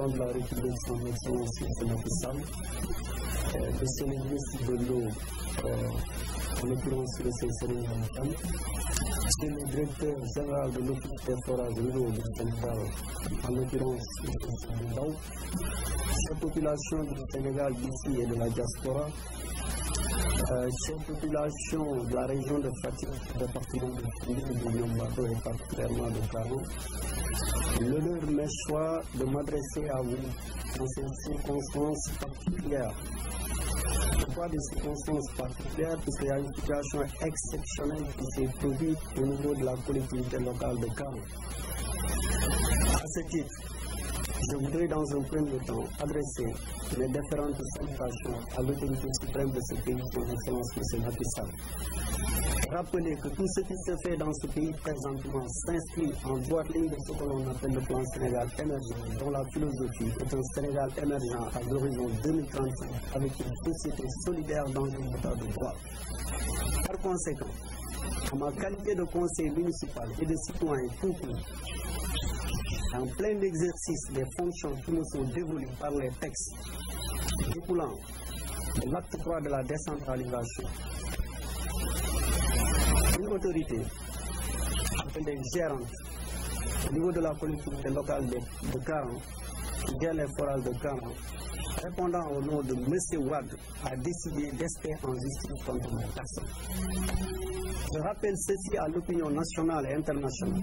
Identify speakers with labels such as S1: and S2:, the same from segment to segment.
S1: président de la République son excellence Macky de son de l'eau euh, en l'occurrence le sëñ Serigne Mame Kane c'est le directeur de l'Office des forages ruraux du population du Sénégal d'ici de la diaspora ces euh, populations de la région de Fatick département de Foundiougne de Niombato et particulièrement de Karang l'honneur m'est choix de m'adresser à vous en ces circonstances particulières puisqu'il y a une situation exceptionnelle qui s'est produite au niveau de la collectivité locale de Karang à ce titre je voudrais dans un premier temps adresser mes différentes salutations à l'autorité suprême de ce pays, son Excellence M. Macky Sall. Rappelez que tout ce qui se fait dans ce pays présentement s'inscrit en droite ligne de ce que l'on appelle le plan Sénégal émergent, dont la philosophie est un Sénégal émergent à l'horizon avec une société solidaire dans un état de droit. Par conséquent, en ma qualité de conseil municipal et de citoyen tout en plein exercice des fonctions qui nous sont dévolues par les textes découlant de l'acte 3 de la décentralisation, une autorité appelée gérante au niveau de la collectivité locale de, de Caron, les forages de Caron, répondant au nom de M. Wad, a décidé d'ester en justice contre ma personne. Je rappelle ceci à l'opinion nationale et internationale.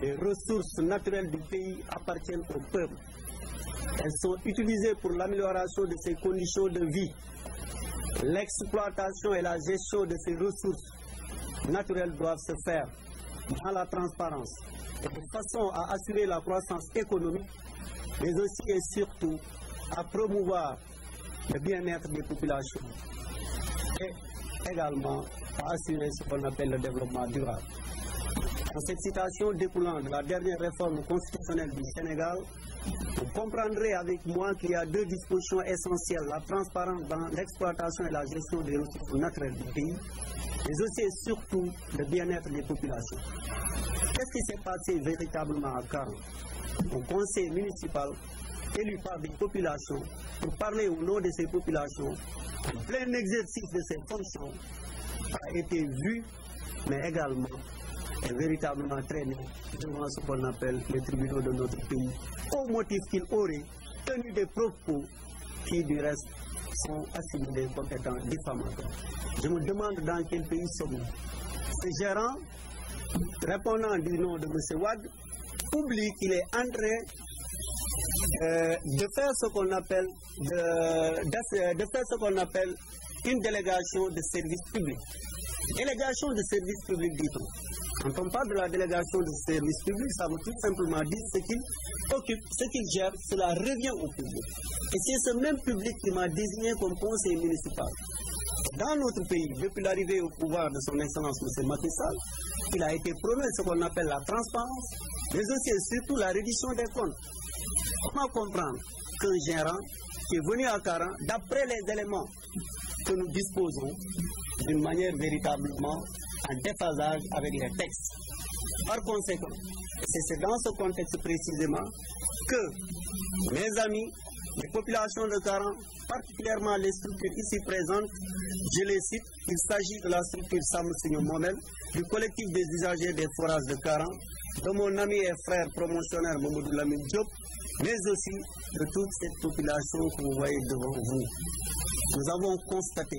S1: les ressources naturelles du pays appartiennent au peuple. Elles sont utilisées pour l'amélioration de ses conditions de vie, l'exploitation et la gestion de ces ressources naturelles doivent se faire dans la transparence et de façon à assurer la croissance économique, mais aussi et surtout à promouvoir le bien-être des populations et également à assurer ce qu'on appelle le développement durable. En cette citation découlant de la dernière réforme constitutionnelle du Sénégal, vous comprendrez avec moi qu'il y a deux dispositions essentielles, la transparence dans l'exploitation et la gestion des ressources naturelles du pays, mais aussi et surtout le bien-être des populations. Qu'est-ce qui s'est passé véritablement à Karl conseil municipal élu par des populations pour parler au nom de ces populations, plein exercice de ses fonctions a été mais également véritablement traîné devant ce qu'on appelle les tribunaux de notre pays, au motif qu'il aurait tenu des propos qui, du reste, sont assimilés comme étant Je me demande dans quel pays sommes-nous. Ce gérant, répondant du nom de M. Wad, oublie qu'il est entré euh, de faire ce qu'on appelle une délégation de service public. Délégation de service public, dit-on. Quand on parle de la délégation de service public, ça veut tout simplement dire ce qu'il occupe, ce qu'il gère, cela revient au public. Et c'est ce même public qui m'a désigné comme conseiller municipal. Dans notre pays, depuis l'arrivée au pouvoir de son Excellence M. Macky il a été promu ce qu'on appelle la transparence, mais aussi et surtout la reddition des comptes. que nous disposons, d'une manière véritablement en déphasage avec les textes. Par conséquent, c'est dans ce contexte précisément que mes amis, les populations de Caran, particulièrement les structures ici présentes, je les cite, il s'agit de la structure Samusigno Momel, du collectif des usagers des forages de Caran, de mon ami et frère promotionnaire Mamoudou Lamine mais aussi de toute cette population que vous voyez devant vous. Nous avons constaté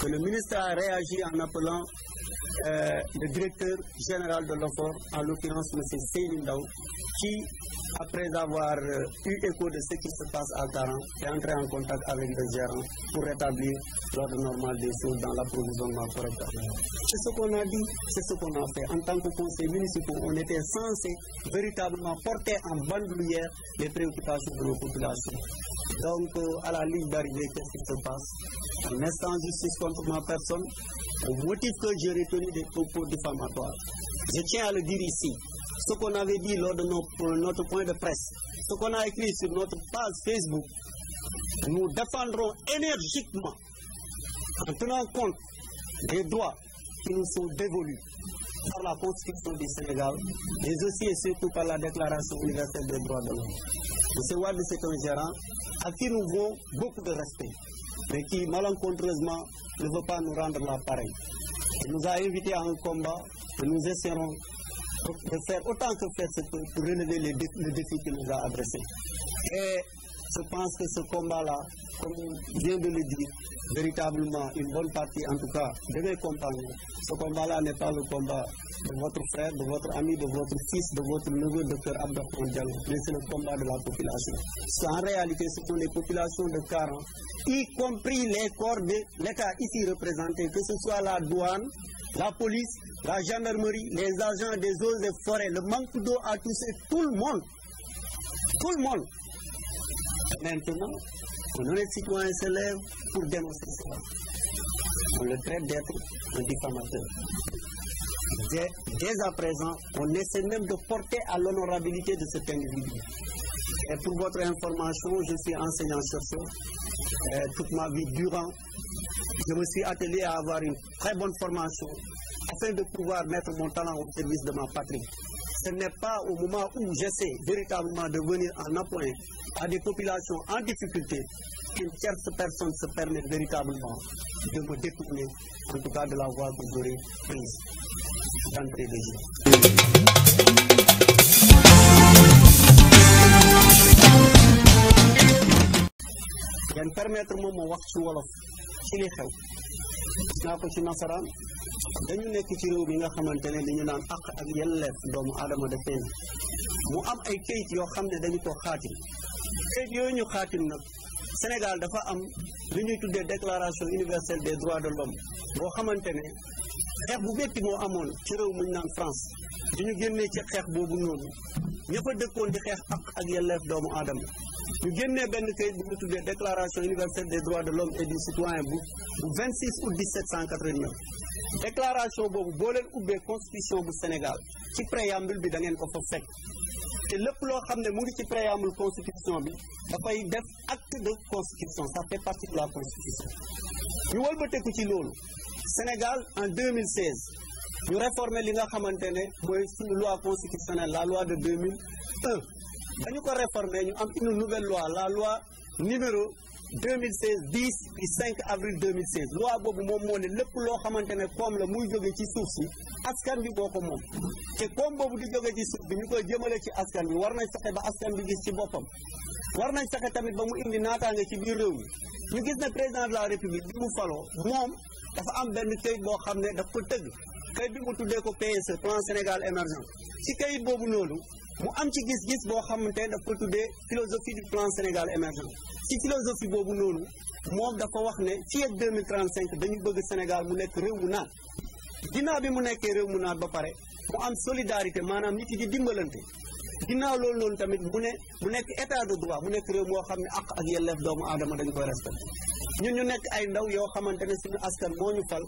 S1: que le ministre a réagi en appelant euh, le directeur général de l'OFOR, en l'occurrence M. Seyni Ndao, qui, après avoir euh, eu écho de ce qui se passe à Taran, est entré en contact avec le gérant pour rétablir l'ordre normal des choses dans l'approvisionnement correct. C'est ce qu'on a dit, c'est ce qu'on a fait. En tant que conseil municipal, on était censé véritablement porter en bandoulière les préoccupations de nos populations. Donc, euh, à la ligne d'arrivée, quest se passe Un instant justice contre ma personne, au motif que j'ai retenu des propos diffamatoires. Je tiens à le dire ici. Ce qu'on avait dit lors de notre point de presse, ce qu'on a écrit sur notre page Facebook, nous défendrons énergiquement en tenant compte des droits qui nous sont dévolus par la Constitution du Sénégal, mais aussi et surtout par la Déclaration universelle des droits de l'homme. M. Wade, c'est un gérant à qui nous vaut beaucoup de respect, mais qui malencontreusement ne veut pas nous rendre la pareille. nous a invités à un combat et nous essaierons de faire autant que faire se peut relever le défi qu'il nous a adressé. je pense que ce combat-là, comme vient de le dire, véritablement, une bonne partie en tout cas de mes compagnons, ce combat-là n'est pas le combat de votre frère, de votre ami, de votre fils, de votre neveu, docteur Abdou Diallo, mais c'est le combat de la population. C'est en les populations de Caran, y compris les corps de l'État ici représentés, que ce soit la douane, la police, la gendarmerie, les agents des eaux et forêts, le manque d'eau à tous Maintenant, un honnête citoyen se lève pour dénoncer cela. On le traite d'être un diffamateur. Dès, à présent, on essaie même de porter à l'honorabilité de cet individu. Et pour votre information, je suis enseignant-chercheur. Euh, toute ma vie durant, je me suis attelé à avoir une très bonne formation afin de pouvoir mettre mon talent au service de ma patrie. ce n'est pas au moment où j'essaie véritablement de venir en appoint à des populations en difficulté qu'une tierce personne se permet véritablement de me détourner, en tout cas de la voie que j'aurais prise d'entrée de jeu. permettre moom moo wax wolof ci li xew. dañu nekk ci réew mi nga xamante ne dañu naan àq ak yelleef doomu aadama dafay mu am ay kayit yoo xam ne dañu ko xaatim kayit yooyu ñu xaatim nag Sénégal dafa am li ñuy tuddee déclaration universelle des droits de l'homme boo xamante ne xeex bu métti moo amoon ci réew muñ naan France di ñu génnee ci xeex boobu noonu ña fa dëkkoon di xeex ak yelleef doomu aadama ñu génnee benn kayit bu ñu tuddee déclaration universelle des droits de l'homme et du citoyen bu bu déclaration boobu boo leen ubbee constitution bu Sénégal ci préambule bi da ngeen ko fa fekk te lépp loo xam ne mu ngi ci préambule constitution bi dafay def acte de constitution ça fait partie de la constitution ñu wëlbateeku ci loolu Sénégal en 2016 ñu réformer li nga xamante ne mooy suñu loi constitutionnelle la loi de 2001 ba ñu ko réformer ñu am une nouvelle loi la loi numéro 2016 10 du 5 avril 2016 loi boobu moom moo ne lépp loo xamante ne koom la muy jóge ci suuf si askan bi boo ko moom te koom boobu di jóge ci suuf bi ñu koy jëmale ci askan bi war nañ fexe ba askan bi gis ci boppam war nañ fexe tamit ba mu indi naataange ci biir réew mi ñu gis ne président de la république bi mu faloo moom dafa am benn këyit boo xam ne daf ko tëgg këyit bi mu tuddee ko PSE plan Sénégal émergent ci këyit boobu noonu mu am ci gis-gis boo xamante ne daf ko tuddee philosophie du plan Sénégal émergent ci philosophie boobu noonu moom dafa wax ne fii ak 2035 dañu bëgg Sénégal mu nekk réew mu naat ginnaaw bi mu nekkee réew mu naat ba pare mu am solidarité maanaam nit yi di dimbalante ginnaaw loolu noonu tamit mu ne mu nekk état du droit mu nekk réew moo xam ne àq ak yelleef doomu aadama dañu koy respecté ñun ñu nekk ay ndaw yoo xamante ne suñu askan moo ñu fal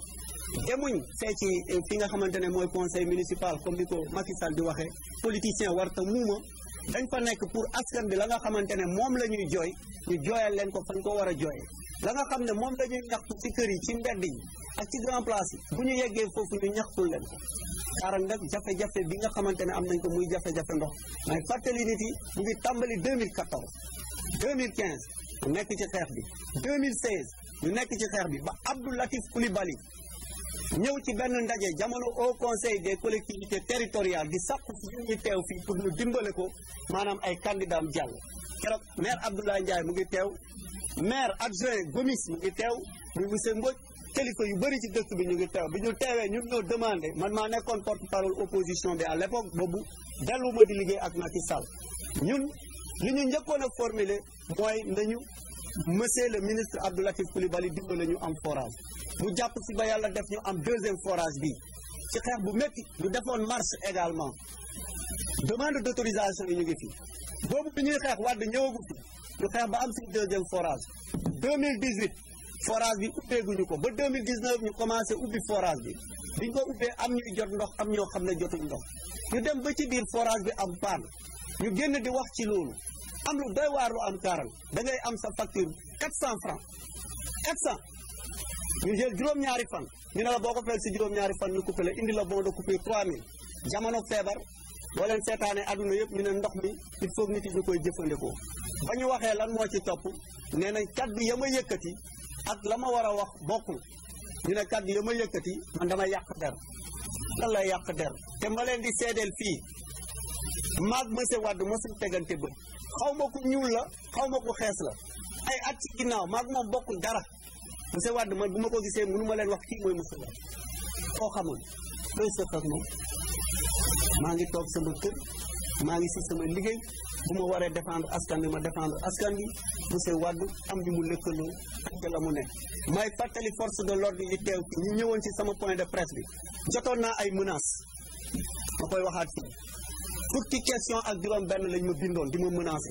S1: demuñ ci fi eh, nga xamante ne mooy conseil municipal comme ni ko Macky Sall di waxee politicien warta muuma dañ fa nekk pour askan bi la nga xamante ne moom la ñuy jooy ñu jooyal leen ko fañ ko war a jooyee la nga xam ne moom la ñuy ñaxtu ci kër yi ci mbedd yi ak ci grand place bu ñu yeggee foofu ñu ñaxtul leen ko xaaral nag jafe-jafe bi nga xamante ne am nañ ko muy jafe-jafe ndox may fàttali nit yi mu ngi tàmbali 2014 2015 ñu nekk ci xeex bi 2016 ñu nekk ci xeex bi ba Abdou Latif Coulibaly ñëw ci benn ndaje jamono au conseil des collectivités territoriales di sàkku fi ñu ñuy teew fii pour ñu dimbale ko maanaam ay candidat jal jàll keroog maire Abdoulaye Ndiaye mu ngi teew maire adjoint Gomis mu ngi teew muy monsieur Mbodj kilifa yu bëri ci dëkk bi ñu ngi teew bi ñu teewee ñun ñoo demandé man maa nekkoon porte parole opposition bi à l'époque boobu delluwuma di liggéey ak Macky Sall ñun nu ñu njëkkoon a formuler mooy nañu monsieur le ministre Abdou Latif Coulibaly dimbale ñu am forage bu jàpp si ba yàlla def ñu am deuxième forage bi ci xeex bu métti ñu defoon marche également demande d' autorisation yi ñu ngi fi boobu bi ñuy xeex wàdd ñëwagu fi ñu xeex ba am suñu deuxième forage 2018 forage bi ubbeeguñu ko ba 2019 ñu commencé ubbi forage bi biñ ko ubbee am ñuy jot ndox am ñoo xam ne jotuñ ndox ñu dem ba ci biir forage bi am paan ñu génn di wax ci loolu am lu doy waar lu am kaaral da am sa facture 400 francs 400 ñu jël juróom-ñaari fan ñu ne la boo ko fayal si juróom-ñaari fan ñu coupé la indi la bon de coupure 3000 jamono feebar boo leen seetaanee àdduna yëpp ñu ne ndox mi il faut nit yi ñu koy jëfandikoo ba ñu waxee lan moo ci topp nee nañ kaddu ya ma yëkkati ak la ma war a wax bokkul ñu ne kaddu ya ma yëkkati man dama yàq der lan la yàq der te ma leen di seedeel fii ma se monsieur ma mosul tegante bët xaw ma ku ñuul la xaw ma ku xees la ay at ci ginnaaw maag moom bokkul dara monsieur Wade man bu ma ko gisee mënu ma leen wax kii mooy monsieur Wade koo xamoon koy sëq maa ngi toog sama kër maa ngi si sama liggéey bu ma waree défendre askan bi ma défendre askan bi monsieur Wade am bi mu lëkkaloo ak la mu ne may fàttali force de l'ordre yi teew ñu ñëwoon si sama point de presse bi jotoon naa ay menaces ma koy waxaat fii fukki question ak juróom benn lañ ma bindoon di ma menacé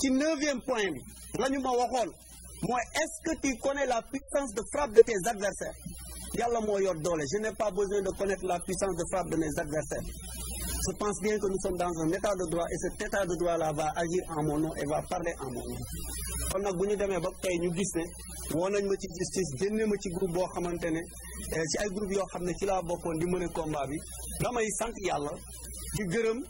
S1: ci neuvième point bi la ma waxoon mooy est-ce que tu connais la puissance de frappe de tes adversaires yàlla moo yor doole je n'ai pas besoin de connaître la puissance de frappe de mes adversaires je pense bien que nous sommes dans un de droit et cet état de droit là va agir en mon et va parler en mon kon nag bu ñu demee ba tey ñu gis ne woo nañ ma ci justice génne ma ci groupe boo xamante ne eh, ci ay groupe yoo xam ne ci laa bokkoon di mën a combat bi damay sant yàlla di gërëm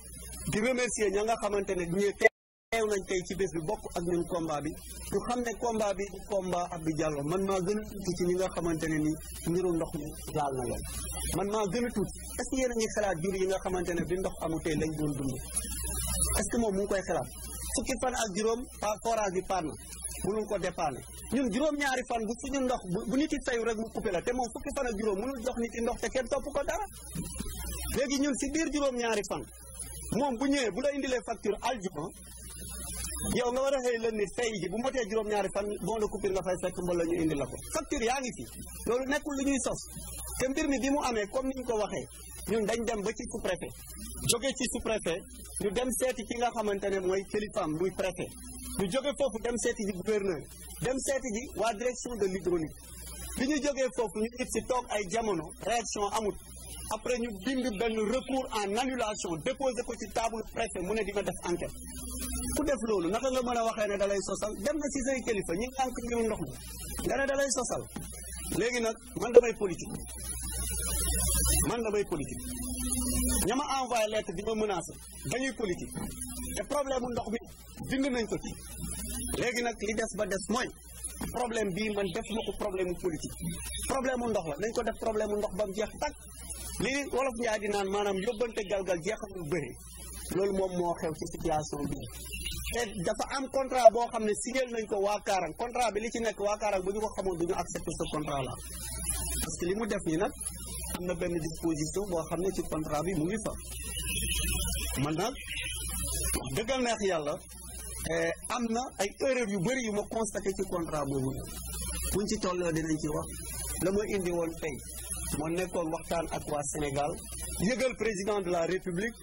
S1: teew nañ tey ci bés bi bokk ak ñun combat bi ñu xam ne combat bi combat Abdou Diallo man maa gën a tuuti ci ñi nga xamante ne ni mbiru ndox mi laal na leen man maa gën a tuuti est-ce que yéen a jur yi nga xamante ne bi ndox amutee lañ doon dund est-ce que moom mu ngi koy xalaat fukki fan ak juróom forage bi panne mënuñ ko dépanne ñun juróom-ñaari fan bu suñu ndox bu nit yi rek mu coupé la te moom fukki fan juróom mënul jox nit ndox te kenn topp ko dara juróom-ñaari fan moom bu ñëwee bu la indilee facture aljuma yow nga war a xëy lënd tey ji bu motee juróom-ñaari fan bon de coupure nga fay fekk mbala ñu indi la ko facture yaa ngi fi loolu nekkul lu ñuy sos te mbir mi bi mu amee comme ni ñu ko waxee ñun dañ dem ba ci sous-préfet jóge ci sous-préfet ñu dem seeti ki nga xamante ne mooy kilifaam muy préfet ñu jóge foofu dem seeti ji gouverneur dem seeti ji waa direction de l'hydraulique bi ñu jógee foofu ñu it si toog ay jamono réaction amut après ñu bind benn recours en annulation déposé ko ci table mu ne dina def enquête ku def loolu naka nga mën a waxee ne dalay sosal dem na ci say kilifa ñi nga ànk mbiru ndox mi nga ne dalay sosal léegi nag man damay politique man damay politique ñama envoy lekk lettre di ma menacé dañuy politique te problème ndox bi bind nañ ko ci léegi nag li des ba des mooy problème bii man def ma ko problème mu politique problème mu ndox la nañ ko def problème mu ndox ba mu jeex tàkk li wolof njaay di naan maanaam yóbbante galgal jeexal lu bëri loolu moom moo xew te dafa am contrat boo xam ne signé nañ ko waa Kaarang contrat bi li ci nekk waa Kaarang bu ñu ko xamoon du ñu accepter contrat là parce que li mu def nii nag am na benn disposition boo xam ne ci contrat bi mu ngi fa man nag dëggal neex yàlla eh, am na ay erreur yu bëri yu ma constaté ci contrat boobu buñ ci tolloo dinañ ci wax la ma indi woon tey moo nekkoon waxtaan ak waa Sénégal yëgal président de la République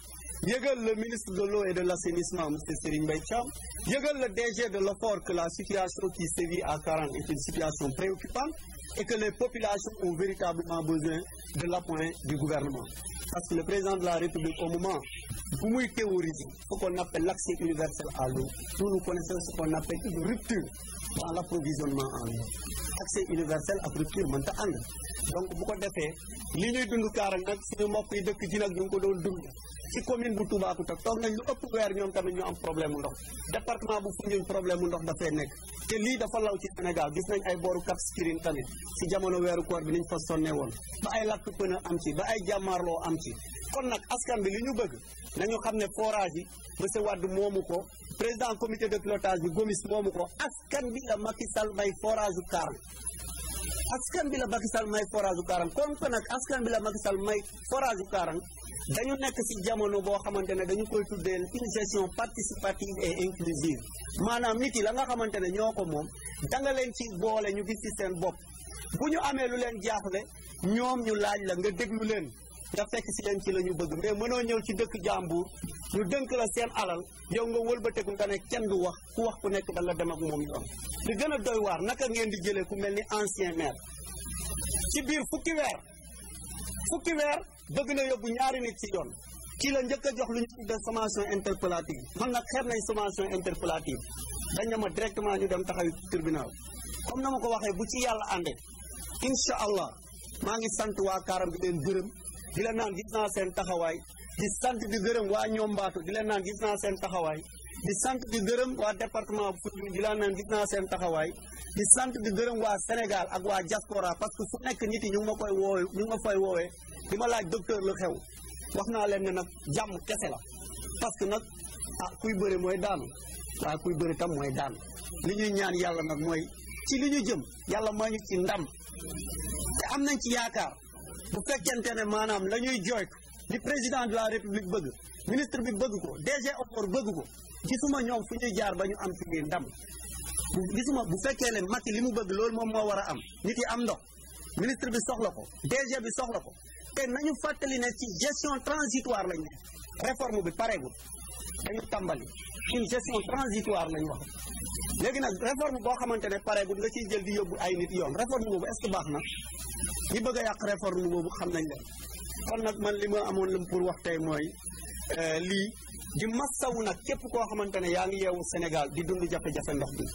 S1: yëgal le ministre de l'eau et de l'assainissement monsieur Serigne Mbaye Thiam yëgal le DG de l'OFOR que la situation qui sévit à Karang est une situation préoccupante et que les populations ont véritablement besoin de l'appoint du gouvernement parce que le président de la République au moment où muy théorise ce qu'on appelle l'accès universel à l'eau nous nous connaissons ce qu'on appelle une rupture dans l'approvisionnement en eau accès universel bu ko defee li yi dëkk ji nag ci commune bu Toubacouta toog nañ lu ëpp weer ñoom tamit ñu am problème mu ndox département bu Foundiougne problème mu ndox dafay nekk te lii dafa law ci Sénégal gis nañ ay booru Cap Skirring si jamono weeru koor bi niñ fa sonne woon ba ay lakk pën am ci ba ay jàmmaarloo am ci kon nag askan bi li ñu bëgg nañu xam ne forage yi se Wade moomu ko président comité de pilotage bi Gomis moomu ko askan bi la Macky Sall may forage u Kaar askan bi la Macky Sall may forage u Kaarang kon askan bi la Macky Sall may forage u Kaarang dañu nekk ci jamono boo xamante ne dañu koy tuddeel une gestion participative et inclusive maanaam nit yi la nga xamante ne ñoo ko moom danga leen ci boole ñu gis ci seen bopp bu ñu amee lu leen jaaxle ñoom ñu laaj la nga déglu leen nga fekk si leen ci la ñu bëgg mais mënoo ñëw ci dëkk jàmbur ñu dënk la seen alal yow nga wëlbateku nga ne kenn du wax ku wax ku nekk dal la ak moom yoon di gën a doy waar naka ngeen di jëlee ku mel ni ancien maire biir fukki bëgg na yóbbu ñaari nit ci yoon kii la njëkk a jox lu ñu tuddee sommation interpellative man nag xeeb nañ sommation interpellative dañ ne ma directement ñu dem taxaw tribunal comme na ma ko waxee bu ci yàlla ànde incha allah maa ngi sant waa kaaram di leen gërëm di leen naan gis naa seen taxawaay di sant di gërëm waa ñoom mbaatu di leen naan gis naa seen taxawaay di sant di gërëm waa département Foundiougne di leen naan gis naa seen taxawaay di sant di gërëm waa Sénégal ak waa diaspora parce que fu nekk nit yi ñu ngi ma koy li ma laaj docteur lu xew wax naa leen ne nag jàmm kese la parce que nag ah kuy bëre mooy daanu waaye kuy bëre tam mooy daanu li ñuy ñaan yàlla nag mooy ci li ñu jëm yàlla maa ñu ci ndam te am nañ ci yaakaar bu fekkente ne maanaam la ñuy jooytu li président de la république bëgg ministre bi bëgg ko DG Opor bëgg ko gisuma ñoom fu ñuy jaar ba ñu am ci ndam gisuma bu fekkee ne Macky li mu bëgg loolu moom moo war a am nit yi am ndox ministre bi soxla ko DG bi soxla ko te nañu fàttali ne ci gestion transitoire lañu ne réforme bi pareegul dañu tàmbali une gestion transitoire lañu wax léegi nag réforme boo xamante ne pareegul nga ciy jël di yóbbu ay nit yoon réforme boobu est-ce que baax na ñi bëgg a yàq réforme boobu xam nañ leen kon nag man li ma amoon lu pour wax tey mooy euh, lii di massawu nag képp koo xamante ne yaa ngi yeewu Sénégal di dund jafe-jafe ndox bi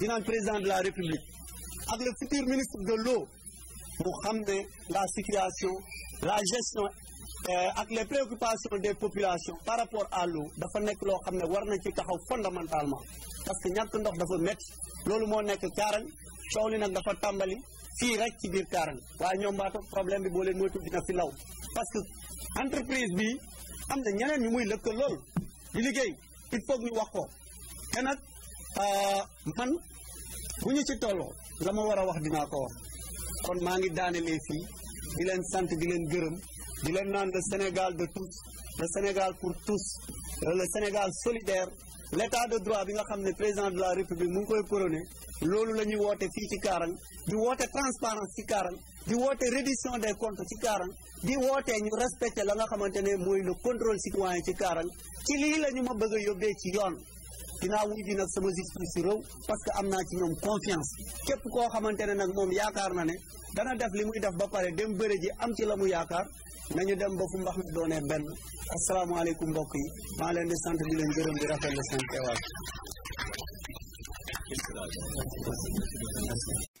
S1: di naan président de la République ak le futur ministre de la situation la gestion euh, ak les préoccupations des populations par rapport à l'eau dafa nekk loo xam ne war nañ ci taxaw fondamentalement parce que ñàkk ndox dafa métti loolu moo nekk Kaarang coow li nag dafa tàmbali fii rek ci biir Kaarang waaye ñoom baata problème bi boo leen moytu dina fi law parce que entreprise bi am na ñeneen ñu muy lëkkal loolu di liggéey il faut ñu wax ko te nag euh, man bu ñu ci tolloo la ma war a wax dinaa ko wax kon maa ngi daanelee fii di leen sant di leen gërëm di leen naan le Sénégal de tous le Sénégal pour tous la Sénégal solidaire l' de droit bi nga xam ne président de la république mu ngi koy couronné loolu la ñuy woote fii ci Kaarang di woote transparence ci Kaarang di woote reddition des comptes ci Kaarang di woote ñu respecté la nga xamante ne mooy le contrôle citoyen ci Kaarang ci lii la ñu ma bëgg a yóbbee ci yoon dinaa wuy ji nag sama justice réew parce que am naa ci ñoom confiance képp koo xamante ne nag moom yaakaar na ne dana def li muy def ba pare dem bëre ji am ci la mu yaakaar nañu dem ba fu mbax mi doonee benn asalaamaaleykum mbokk yi maa leen de sant di leen gërëm di rafetlu seen teewaay